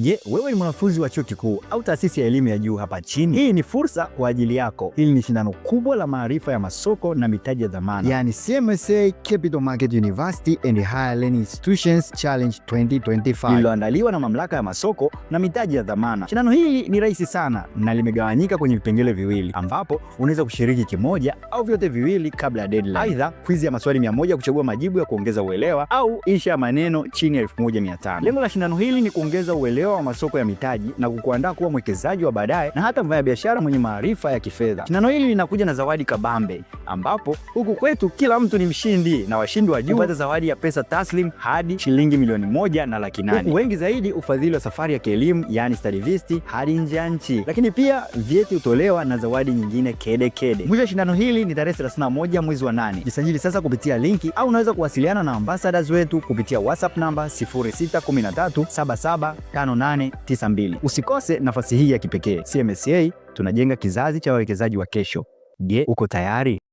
Je, yeah, wewe ni mwanafunzi wa chuo kikuu au taasisi ya elimu ya juu hapa nchini? Hii ni fursa kwa ajili yako. Hili ni shindano kubwa la maarifa ya masoko na mitaji ya dhamana, yani CMSA Capital Market University and Higher Learning Institutions Challenge 2025 lililoandaliwa na mamlaka ya masoko na mitaji ya dhamana. Shindano hili ni rahisi sana na limegawanyika kwenye vipengele viwili, ambapo unaweza kushiriki kimoja au vyote viwili kabla ya deadline. Aidha, kwizi ya maswali 100 kuchagua majibu ya kuongeza uelewa au insha ya maneno chini ya 1500. Lengo la shindano hili ni kuongeza uelewa uelewa wa masoko ya mitaji na kukuandaa kuwa mwekezaji wa baadaye na hata mfanyabiashara mwenye maarifa ya kifedha. Shindano hili linakuja na zawadi kabambe, ambapo huku kwetu kila mtu ni mshindi na washindi wa juu hupata zawadi ya pesa taslim hadi shilingi milioni moja na laki nane, huku wengi zaidi ufadhili wa safari ya kielimu, yani study visit hadi nje ya nchi, lakini pia vyeti hutolewa na zawadi nyingine kede kede. Mwisho wa shindano hili ni tarehe 31 mwezi wa 8. Jisajili sasa kupitia linki au unaweza kuwasiliana na ambassadors wetu kupitia WhatsApp namba tano 0892. Usikose nafasi hii ya kipekee. CMSA tunajenga kizazi cha wawekezaji wa kesho. Je, uko tayari?